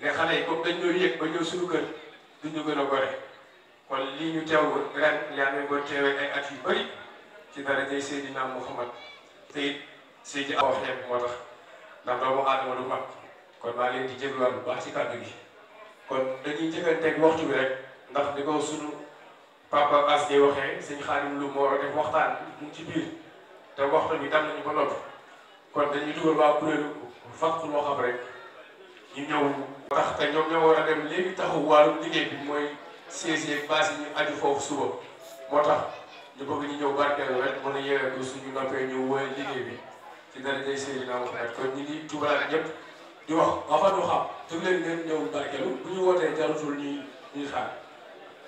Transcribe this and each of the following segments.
ne xale yi comme dañ ñoo yëg ba ñëw suñu kër du ñu gën a gore kon lii ñu teew ren yaa ngi ko teewee ay at yu bëri ci darajay Seydina Muhammad te it Seydi a wax ñeent moo tax ndax doomu aadama du mag kon maa leen di jégluwaat bu baax ci kàddu gi kon dañuy jëkkanteeg waxtu bi rek ndax di ko suñu papa as di waxee sëñ Xaadim lu moo war a def waxtaan mu ci biir te waxtu bi tam nañu ba noppi kon dañuy dugal waa kuréelu fàq loo xam rek. ñu ñëw tax que ñoom ñoo war a dem léegi taxu wàllum liggéey bi mooy siège yeeg base yi ñu aju foofu suba moo tax ñu bëgg ñu ñëw barkeel rek a yeewee ko suñu noppee ñu wóole liggéey bi ci dara day Seydina Muhammad kon ñu ngi jubalaat ñëpp barkeelu bu ñu wootee jarutul ñuy ñuy xaar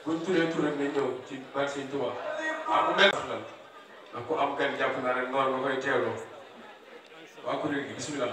buñ turee tur rek nañ ci barke Sëñ Tuubaa ah bu mel la donc am gan jàpp naa rek noonu nga koy teewloo waa kuréel gi bismillah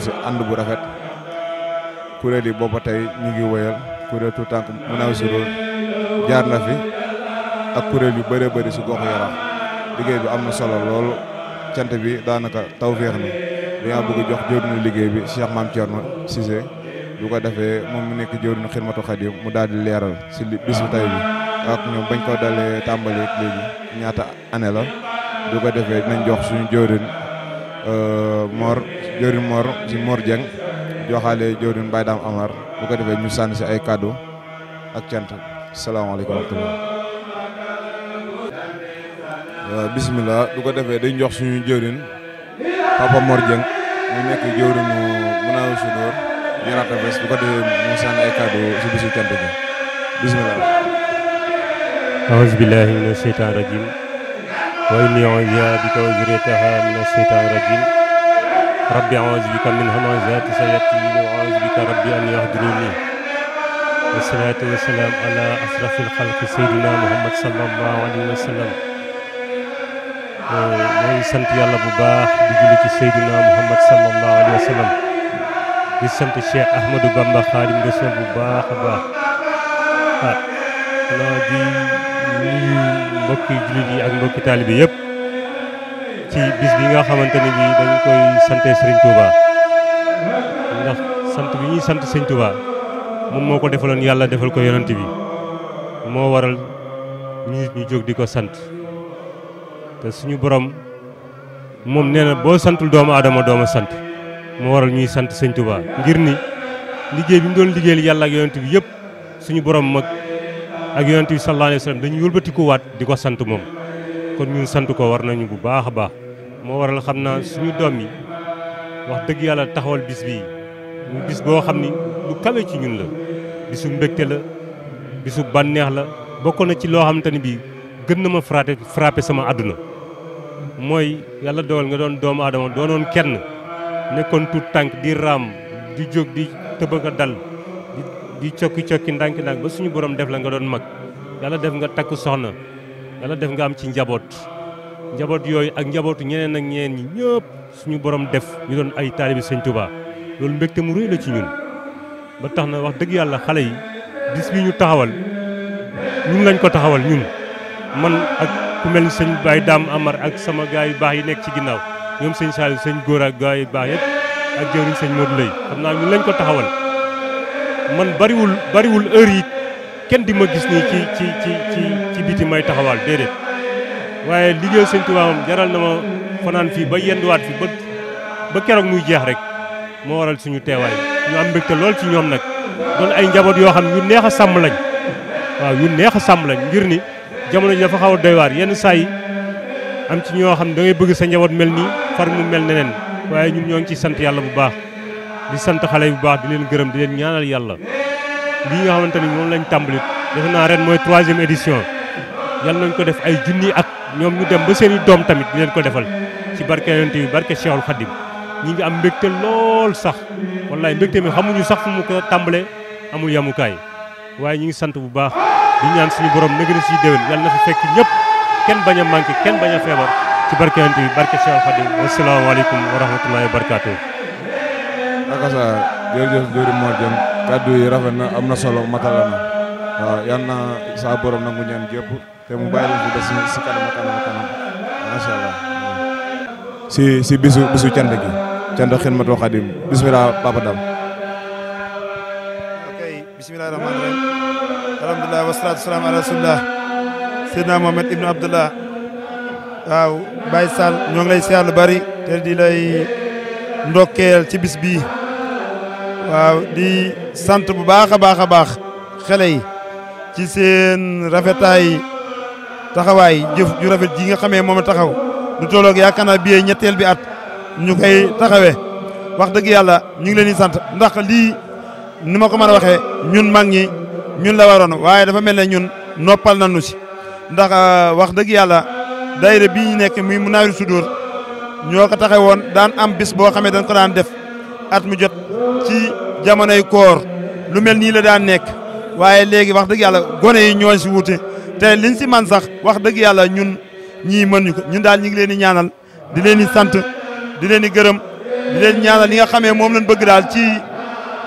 si ànd bu rafet kuréel yi booba tey ñu ngi woyal kuréel tout tànk Munawirul jaar na fi ak kuréel yu bëree bëri si goxu Yaraax liggéey bi am na solo loolu cant bi daanaka tawféex na dañoo bëgg jox jëwriñu liggéey bi Cheikh Mame Thierno Cissé bu ko defee moom mu nekk jëwriñu Xidmatu Xaadim mu daal di leeral si bis bu tey bi ak ñoom bañ ko dalee tàmbali ak léegi ñaata année la bu ko defee dinañ jox suñu jëwriñ euh, Mor jëwriñ Mor si Mor Dieng joxaale jëwriñ Baye Dame Amar bu ko defee ñu sànni si ay kàddu ak cant salaamaaleykum wa rahmatulah. waaw euh, bisimilah bu ko defee dañ jox suñu jëwriñ Papa Mor Dieng mu nekk jëwriñ mu Munaaru Sudoor Yonata Bes bu ko defee mu sànni ay kàddu si bisu cant bi bisimilah. أعوذ بالله من الشيطان الرجيم وإني أعوذ بك وذريتها من الشيطان الرجيم ربي أعوذ بك من همزات سيأتي وأعوذ بك ربي أن يهدروني والصلاة والسلام على أشرف الخلق سيدنا محمد صلى الله عليه وسلم ويا سنت يا الله بابا بجلك سيدنا محمد صلى الله عليه وسلم يا سنت الشيخ أحمد غامبا خادم رسول بابا خبا لا دي مبكي جلدي أنبو كتالي بيب ci bis bi nga xamanteni bi dañ koy sante Serigne Touba ndax sant bi ñi sant Serigne Touba moom moko defalon yalla defal ko yonenti bi mo waral ñi ñu jog di ko sant te suñu borom moom neena bo santul doomu adama dooma sant mo waral ñi sant Serigne Touba ngir ni liggey bi mu doon liggéeyal yàlla ak yonenti bi yep. suñu borom mak ak yonenti sallallahu alaihi wasallam dañu dañuy wat di ko sant moom kon ñun sant ko war nañu bu baax baax moo waral xam naa suñu doom yi wax dëgg yàlla taxawal bis bii mu bis boo xam ni lu kawe ci ñun la bisu mbégte la bisu bànneex la bokkoon na ci loo xamante ni bii gën na ma frappé frappé sama àdduna mooy yàlla dogal nga doon doomu aadama doonoon kenn nekkoon tuut tànk di raam di jóg di tëbëk a dal di cokki cokki ndànk ndànk ba suñu borom def la nga doon mag yàlla def nga takk soxna yàlla def nga am ci njaboot njaboot yooyu ak njabootu ñeneen ak ñeneen ñi ñëpp suñu borom def ñu doon ay taalibi sëñ Touba loolu mbégte mu rëy la ci ñun ba tax na wax dëgg yàlla xale yi bis bi ñu taxawal ñun lañ ko taxawal ñun man ak ku mel ni sëñ Baye Dame Amar ak sama gars yu baax yi nekk ci ginnaaw ñoom sëñ Saliou sëñ Góor ak gars yu baax yëpp ak jëwriñ sëñ Modou Lay xam naa ñun lañ ko taxawal man bariwul bariwul heure yi kenn di ma gis nii ci ci ci ci ci biti may taxawal déedéet waaye liggéey sëñ Tuubaa moom jaral na ma fanaan fii ba yenduwaat fi ba ba keroog muy jeex rek moo waral suñu teewaay ñu am mbégte lool ci ñoom nag doon ay njaboot yoo xam ne yu neex a sàmm lañ waaw yu neex a sàmm lañ ngir ni jamono ji dafa xaw a doy waar yenn saa yi am ci ñoo xam da bëgg sa njaboot mel nii far mu mel neneen waaye ñun ñoo ngi ciy sant yàlla bu baax di sant xale bu baax di leen gërëm di leen ñaanal yàlla lii nga xamante ni moom lañ tàmbali defe naa ren mooy troisième édition yàlla nañ ko def ay junni at ñom ñu dem ba seen dom doom tamit di leen ko defal ci barke yonte bi barke cheikhul khadim ñi ngi am mbégte lool sax wallahi mbégte mi xamuñu sax fu mu ko tambalé amul yamukaay waye ñi ngi sant bu baax di ñaan suñu borom nëgëna si déwén yàlla na fi fekk ñëpp kenn baña a manqué baña bañ ci barke yonte bi barke cheikhul khadim alaykum wa rahmatullahi wa barakatuh akasa jërëjëf jëri moo jëm kaddu yi rafet na solo matal waaw eh, yal na saa borom nangu ñaan jëpp te mu bàyyi fi des si kanam kanam kanam macha allah si si bisu bisu cant gi cant xidmatul xadim bismillah papa dam okay bismillahir rahmanir rahim alhamdulillah wassalatu wassalamu ala rasulillah sayyidina muhammad ibnu abdullah waaw Baye Sall ñoo ngi lay siyaar bari te di lay ndokkeel ci bis bii waaw di sant bu baax a baax a yi ci seen rafetaay taxawaay jëf ju rafet ji nga xamee moom taxaw lu tolloog yaakaar naa bi ñetteel bi at ñu koy taxawe wax dëgg yàlla ñu ngi leen yi sant ndax lii nu ma ko mën a waxee ñun mag ñi ñun la waroon waaye dafa mel ne ñun noppal nañu si ndax euh, wax dëgg yàlla daayira bii ñu nekk muy Munawirou Soudour ñoo ko taxe woon daan am bis boo xamee dañ ko daan def at mu jot ci jamonoy koor lu mel nii la daan nekk waaye léegi wax dëgg yàlla gone yi ñoo si wuute te liñ si man sax wax dëgg yàlla ñun ñii mën ko ñun daal ñu ngi leen di ñaanal di leen di sant di leen di gërëm di leen ñaanal li nga xamee moom lañ bëgg daal ci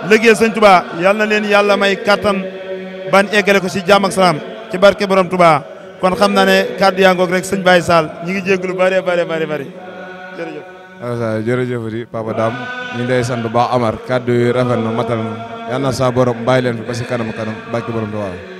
liggéey sëñ Touba yal na leen yàlla may kattan ban eggale ko si jàmm ak salaam ci barke borom Touba kon xam naa ne kàddu yaa ngoog rek sëñ Baye saal ñi ngi jégalu bëree bëri bëri bëri jërëjëf. waaw jërëjëf di Papa Dame ñu ngi lay sant bu baax Amar kàddu yi rafet na matal na yàlla na saa borom bàyyi leen fi ba si kanam kanam bàkki borom Tuubaa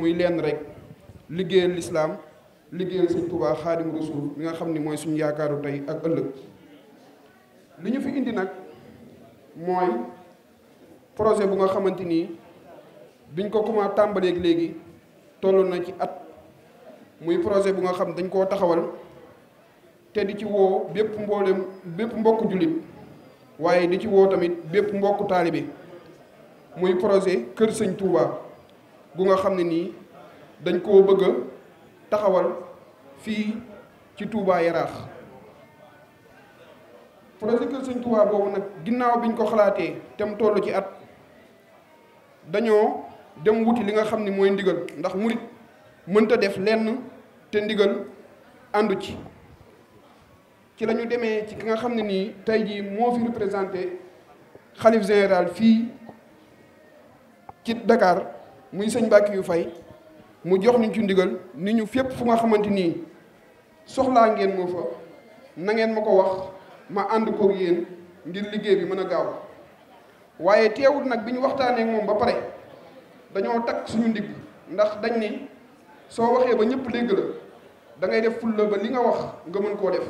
muy lenn rek liggéeyal lislaam liggéeyal sëñ Tuubaa xaadim rasul mi nga xam ni mooy suñu yaakaaru tey ak ëllëg li ñu fi indi nag mooy projet bu nga xamante ni biñ ko commencé tàmbaleeg léegi toll na ci at muy projet bu nga xam dañ koo taxawal te di ci woo bépp mboole bépp mbokk jullit waaye di ci woo tamit bépp mbokk taalibe muy projet Kër Sëñ Touba. gu nga xam ne nii dañ koo bëgg taxawal fii ci Touba Yaraax projet Kër Sëñ Touba boobu nag ginnaaw biñ ko xalaatee te mu toll ci at dañoo dem wuti li nga xam ni mooy ndigal ndax murit mënta def lenn te ndigal àndu ci ci lañu demee ci ki nga xam ne nii tey jii moo fi représenté xalif général fii ci dakaar muy sëñ Mbàkke yu fay mu jox ñu ci ndigal ni ñu fépp fu nga xamante nii soxlaa ngeen moo fa na ngeen ma ko wax ma ànd koog yéen ngir liggéey bi mën a gaaw waaye teewul nag bi ñu waxtaanee moom ba pare dañoo takk suñu ndigg ndax dañ ni soo waxee ba ñëpp dégg la dangay def fulla ba li nga wax nga mën koo def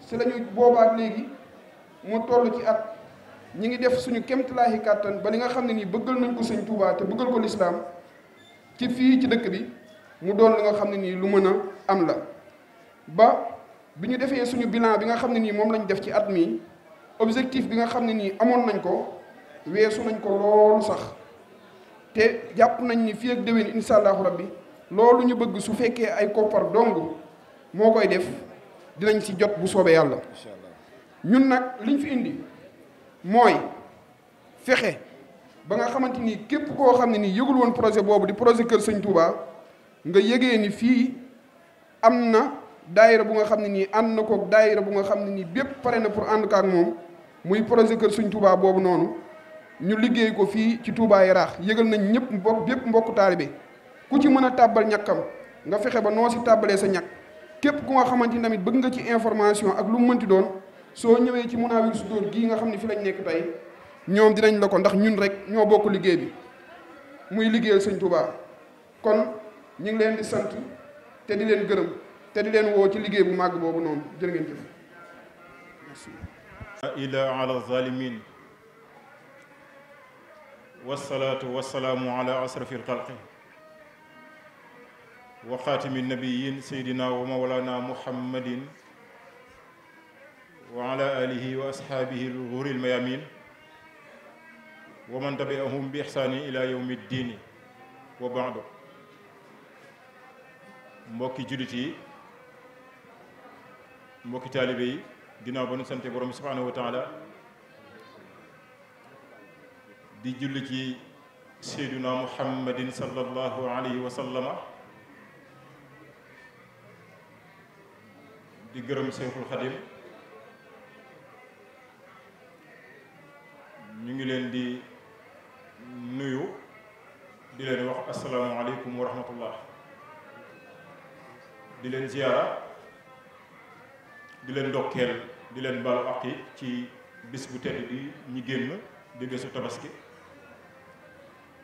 si lañu boobaat léegi mu toll ci at ñi ngi def suñu lahi kàttan ba li nga xamni ni bëggal nañ ko sëñ Tuubaa te bëggal ko l'islam ci fi ci dëkk bi mu doon li nga xamni ni lu mëna am la ba biñu ñu suñu bilan bi nga xamni ni mom lañ def ci at mi objectif bi nga xamni ni amon nañ ko weesu nañ ko lool sax te japp nañ ni fi ak dewe ni inshallah rabbi loolu ñu bëgg su fekkee ay koppar dong mo koy def dinañ ci jot bu soobee yàlla ñun nak liñ fi indi mooy fexe ba nga xamante ni képp koo xam ne ni yëgul woon projet boobu di projet Kër Sëñ Touba nga yëgee ni fii am na daayira bu nga xam ne nii ànd na koog daayira bu nga xam ne nii bépp pare na pour ànd ak moom muy projet Kër Sëñ Touba boobu noonu ñu liggéey ko fii ci Touba Yaraax yëgal nañ ñëpp mbokk bépp mbokku taalibe ku ci mën a tàbbal ñàkkam nga fexe ba noo si tàbbalee sa ñàkk képp ku nga xamante ni tamit bëgg nga ci information ak lu mu mënti doon. so ñëwé ci Munaawir sudor gi nga xamni fi lañ nekk tay ñom dinañ la ko ndax ñun rek ño bokk liggéey bi muy liggéeyal sëñ Touba kon ñi ngi leen di sant te di leen gërëm te di leen woo ci liggéey bu màgg boobu noonu jërë ngeen jëf ila ala zalimin wasalaatu wasalaamu ala asrafi alxalqi wa xaatimi nabiyin sayidina wa mawlana muhammadin وعلى آله وأصحابه الغر الميامين ومن تبعهم بإحسان إلى يوم الدين وبعد موكي جلتي موكي تالبي دينا بني سنتي برم سبحانه وتعالى دي جلتي سيدنا محمد صلى الله عليه وسلم دي جرم سيف الخديم ñu ngi leen di nuyu di leen wax asalaamualeykum wa rahmatullah di leen ziyaara di leen ndokkeel di leen balu aqi ci bis bu tedd bi ñu génn di bésu tabaski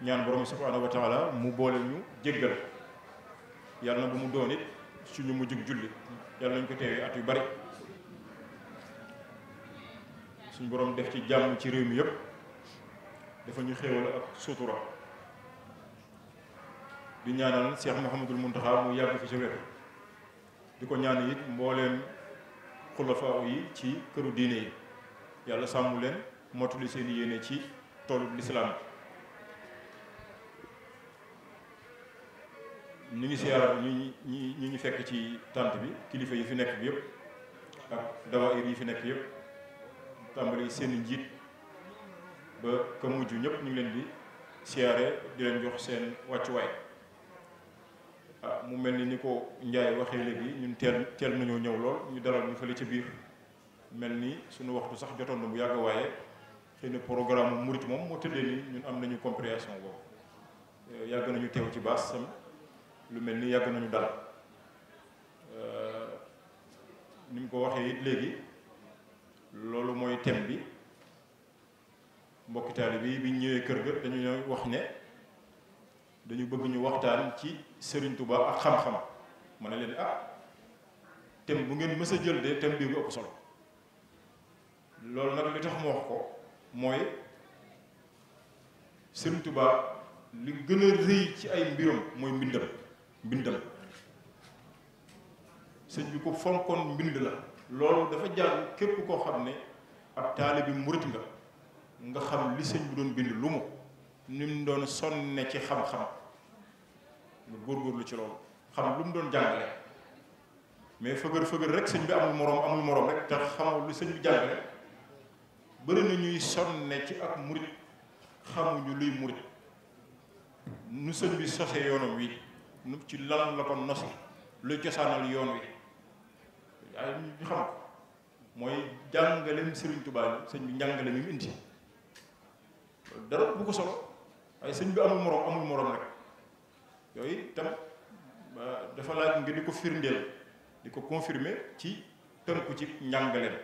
ñaan borom subhaanahu wa taala mu boole ñu jéggal yàlla na bu mu doon it suñu mujjug julli yàlla nañ ko teewee at yu bari suñu boroom def ci jàmm ci réew mi yëpp dafa ñu xéewal ak sutura di ñaanal Cheikh Mouhamadul Mountakha mu yàgg fi sa wér di ko ñaan it mbooleem xulafaaw yi ci këru diine yi yàlla sàmm leen mottali seen yéene ci toolu lislaam ñu ngi siyaara ñu ñu ñu fekk ci tànt bi kilifa yi fi nekk bi yëpp ak dawaayir yi fi nekk yëpp tàmbali seeni njiit ba ka mujj ñëpp ñu ngi leen di siyaare di jox seen wàccuwaay ah mu mel ni ni ko Njaay waxee léegi ñun teel teel nañoo ñëw lool ñu dalal ñu fële ci biir mel ni suñu waxtu sax jotoon na bu yàgg waaye xëy na programme murit moom moo tëddee ni ñun am nañu compréhension boobu eh, yàgg nañu teew ci baas sam lu mel ni yàgg nañu dal eh, ni mu ko waxee it léegi loolu mooy thème bi mbokki bii bi bi ñëwee kër gi dañu wax ne dañu bëgg ñu waxtaan ci Serigne Touba ak xam-xam ma ne leen ah thème bu ngeen mës a jël de thème bii bu ëpp solo loolu nag li tax mu wax ko mooy Serigne Touba li gën a rëy ci ay mbiram mooy mbindam mbindam sëñ bi ko fonkoon mbind la. loolu dafa jaadu képp koo xam ne ab taalibi murit nga nga xam li sëñ bi doon bind lu mu ni mu doon sonne ci xam-xam nga góorgóorlu ci loolu xam lu mu doon jàngale mais fëgër fëgër rek sëñ bi amul moroom amul moroom rek te xamoo lu sëñ bi jàngale bëri na ñuy sonne ci ak murit xamuñu luy murit nu sëñ bi sose yoonam wi nu ci lan la ko nosi luy cosaanal yoon wi ay ñu xam ko mooy jàngaleem Serigne Touba sëñ bi njàngale mi mu indi dara bu ko solo waaye sëñ bi amul morom amul morom rek yooyu tam dafa laaj di ko firndeel di ko confirmer ci tënku ci njàngaleem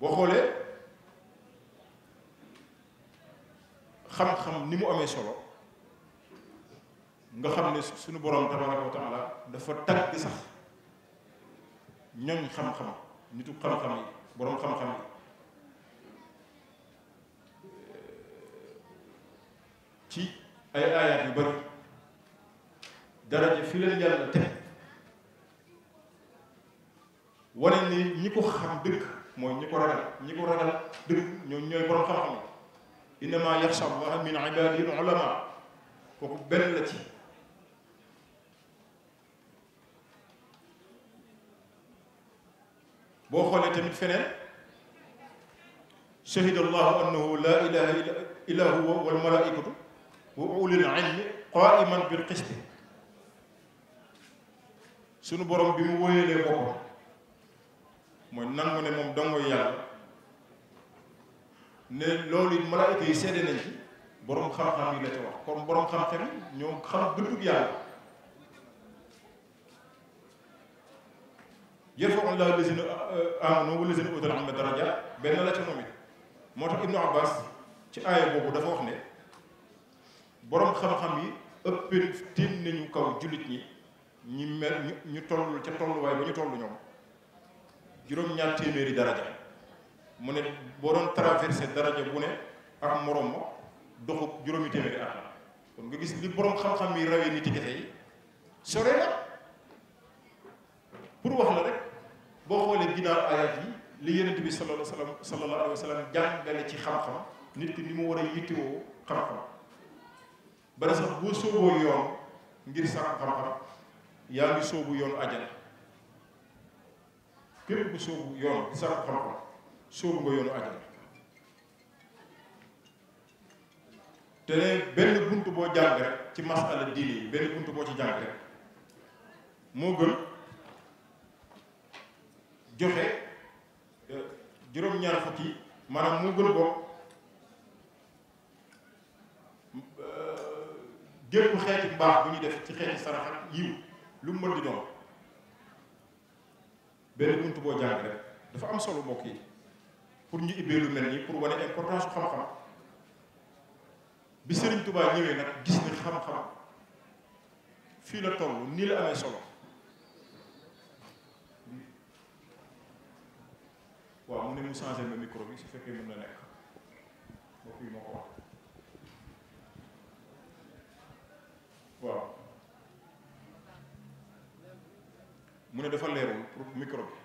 boo xoolee xam-xam ni mu amee solo nga xam ne suñu boroom tabaraka wa dafa tagg sax ñooñ xam nitu xam-xam yi boroom xam yi ci ay aayaat yu bari daraja fi leen yàlla teg wane ni ñi ko xam dëgg mooy ñi ko ragal ñi ko ragal dëgg ñooy boroom xam-xam yi innama yaxsha allaha min ibadihi ulama kooku benn la ci بوخولي تمت فنان شهد الله انه لا اله الا هو والملائكه واولي العلم قائما بالقسط سونو بروم بيم وويلي بوكو موي نانغو ني موم دانغو يالا لولي الملائكه يسيدي نانتي بروم خام خام لا تي واخ كوم بروم خام خام نيوم خام دوبك يالا yarfa'u llaahu llaziina euh, aamanu wa llaziina uutul ilma darajaat benn la ca moom it moo tax Ibnu Abbas ci aaya boobu dafa wax ne boroom xam-xam yi ëpp tiim nañu kaw jullit ñi ñi mel ñu toll ca tolluwaay ba ñu toll ñoom juróom-ñaar téeméeri daraja mu ne boo doon traversé daraja bu ne ak moroom ma doxu juróomi téeméeri at la kon nga gis li boroom xam-xam yi rawee nit yi kese yi sore na pour wax la rek boo xoolee ginnaaw ayat yi li yonent bi sallallahu alayhi wa sallam jàngale ci xam-xam nit ki ni mu war a yittewoo xam-xam bari sax boo sóoboo yoon ngir sax xam-xam yaa yoon di sax xam-xam sóobu nga yoonu ajana te ne benn bunt boo jàng rek ci masala diine yi benn bunt boo ci jàng rek moo gën joxe euh, juróom-ñaar fukki maanaam mu gën bokk gépp euh, xeeti mbaax bu ñu def ci xeeti sarax yiw lu mu mën di doon benn bunt boo jàng rek dafa am solo mbokk yi pour ñu ibbee lu mel nii pour wane importance xam-xam bi Serigne Touba ñëwee nag gis ni xam-xam fii la toll nii la amee solo waaw mu ne mu changé ma bi su fekkee mën na nekk mbokk yi moo ko wax waaw mu ne dafa leerul pour micro bi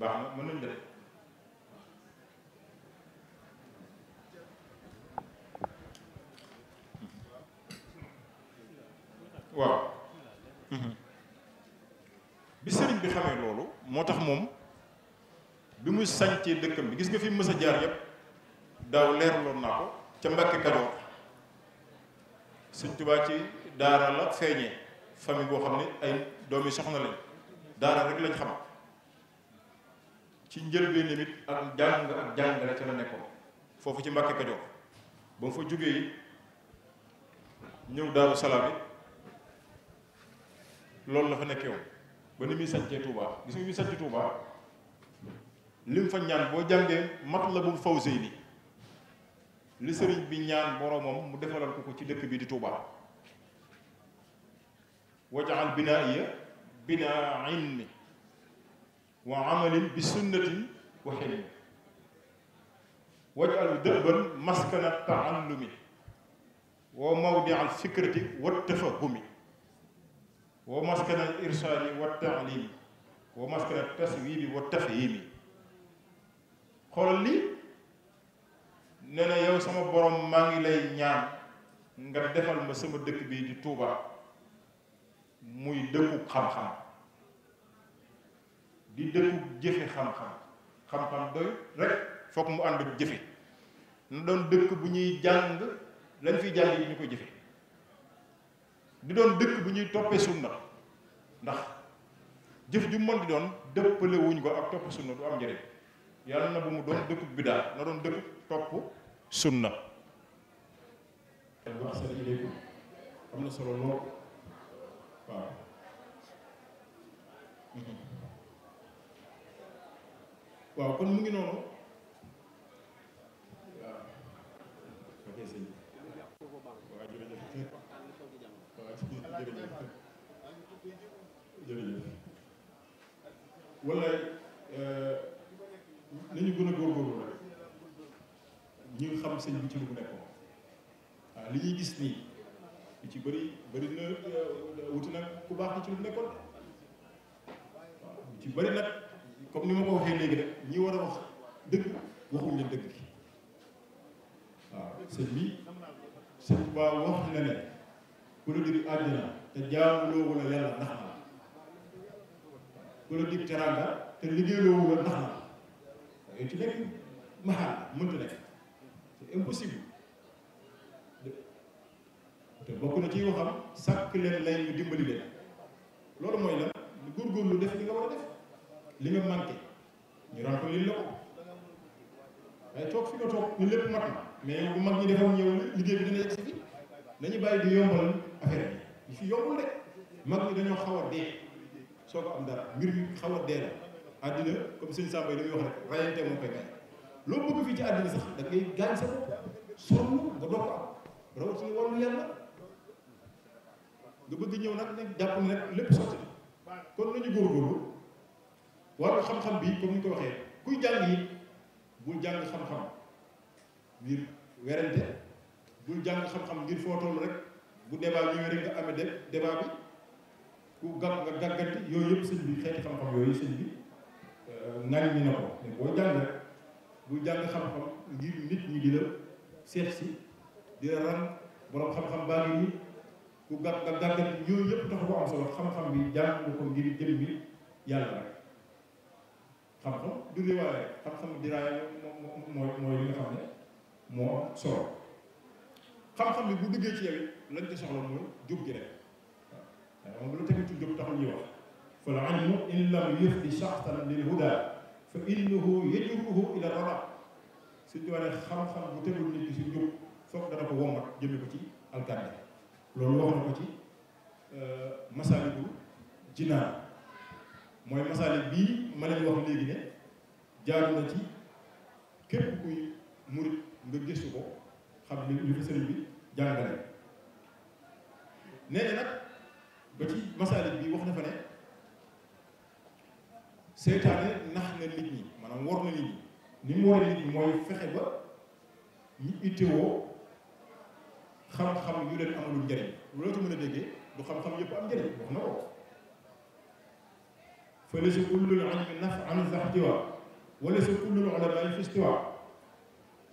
baax na mën nañ def waaw mhm. bi sëriñ bi xamee loolu moo tax moom bi muy sañcee dëkkam bi gis nga fi mës a jaar yëpp daaw leerloon naa ko ca Mbàkke Kajoor Sëriñ Tuubaa ci daara la feeñee famille boo xam ne ay doomi soxna lañ daara rek lañ xam ci njëlbeen limit ak jàng ak jàngale ca la nekkoon foofu ci Mbàkke Kajoor ba mu fa jógee yi ñëw Daaru Salaam loolu la fa nekkee woon ba ni muy sancee Touba gis nga muy sanc Touba lim fa ñaan boo jàngee Matlabul Fawzayni li sëriñ bi ñaan boromam mu defalal ko ko ci dëkk bi di Touba wajaal binaiya binaa ilmi wa amalin bi sunnatin wa xilmi wajaal dëban maskana taallumi wa mawdi al fikrati wa tafahumi wo maskana irsali wa ta'lim wo maskana taswibi wa tafhimi xolali nena yow sama borom ma ngi lay ñaan nga defal ma sama dekk bi di touba muy dekk xam xam di dekk jeffe xam xam xam xam do rek fokk mu and jeffe na doon dekk bu ñuy jang lañ jang ñu ko jeffe di doon dëkk bu ñuy toppee sunna ndax jëf ju mën di doon dëppale wuñ ko ak topp sunna du am njëriñ yalla na bu mu doon dëkkub bidaa na doon dëkk topp sunna wa asalaamaaleykum am na solo lool waaw waaw kon mu ngi noonu waaw ok sëñ jërëjëf jërëjëf walaay euh, nañu gën a góorgóorlu rek ñu xam sëñ bi ci lu mu nekkoon waaw ah, li ñuy gis nii li ci bëri bëri na euh, wuti nag ku baax ni ci lu mu nekkoon waaw li ci bari nag comme ni ma ko waxee léegi rek ñi war a wax dëgg waxuñ leen dëgg gi waaw sëñ bi sëñ bi wax na ne ku la dig àddina te jaamuloo wala yàlla nax na ku la dig teraanga te liggéeyloo wala nax na yooyu ci nekk maxaal mënta nekk c'est impossible sàkk leen lay ñu dimbali leen loolu mooy la góorgóorlu def li nga war a def li nga manqué ñu remplir la ko waaye toog fi nga toog ñu lépp mat mais bu mag ñi defam ñëw liggéey bi dina yegg si nañu bàyyi di yombal affaire yi fi yombul rek mag ñi dañoo xaw a dee soo ko am dara mbir mi a dee la àddina comme sëñ Samba yi dañuy wax rek rayante loo bëgg fii ci àddina da ngay gaañ sa nga bëgg ñëw nag nag jàpp ne nag lépp sotti kon nañu góorgóorlu wàllu xam-xam bi comme ni ko waxee kuy jàng yi bul jàng xam-xam biir werante bul jàng xam-xam ngir foo rek bu débat ñëwee rek nga amee de bi ku gàpp nga gàgganti yooyu yëpp sëñ bi xeeti xam-xam yooyu sëñ bi euh, ŋañ ñi na ko mais boo jàng rek bul jàng xam-xam ngir nit ñi di la si di la ran borom xam-xam baa ngi nii ku gàpp nga gàgganti yooyu yëpp tax bu am solo xam-xam bi jàng nga ko ngir jëm bi yàlla rek xam-xam du riwaaya xam-xam di raaya moom mooy mooy nga xam ne moo solo xam-xam bi bu duggee ci yow it lañ ci soxla mooy jub gi rek waaw moom lu tegu ci jub taxul ñuy wax fa la ilmu in lam yufdi shaxsan lil huda fa innahu yajuruhu ila rada suñ ci waree xam-xam bu tegul nit ki si njub foog dana ko wommat jëme ko ci alkande loolu wax na ko ci masaaliku jinaan mooy masaalik bii ma leen wax léegi ne jaaru na ci képp kuy murit nga gëstu ko xam li li fa sëriñ bi jàngale nee nak ba ci masalib bi wax na fa ne seytaane nax na nit ñi manam wor na nit ñi ni mu wor nit ñi moy fexe ba ñu itteewoo xam-xam yu leen amul amalul lu la ci mëna déggé du xam-xam yëpp am njëriñ wax na ko fa la ci kullu al ilmi naf'an zahtiwa wa kullu al ulama fi istiwa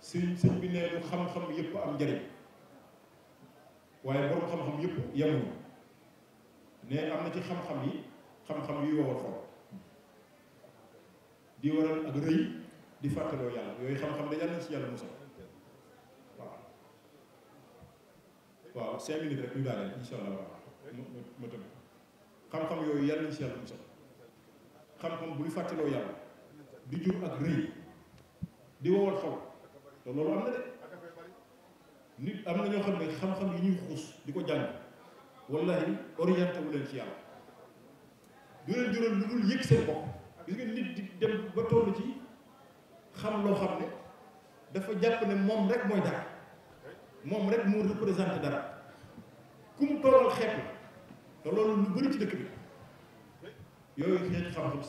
sin sin bi ne lu xam-xam yëpp am njëriñ waaye borom xam-xam yëpp yemuñu ne am na ci xam-xam yi xam-xam yuy wowal xol di waral ak rëy di fàttaloo yàlla yooyu xam-xam da yàlla ci yàlla musal yooyu yàlla bu ñu fàttaloo di jur ak rëy di wowal xol te loolu am na de nit am na ñoo xam ne xam-xam yi ñuy xuus di ko jàng wallahi orienté wu leen ci yàlla du leen jural lu dul yëg seen bopp gis nga nit di dem ba toll ci xam loo xam ne dafa jàpp ne moom rek mooy dara moom rek moo représenté dara ku mu toogal xeet la te loolu lu bëri ci dëkk bi yooyu xeet xam-xam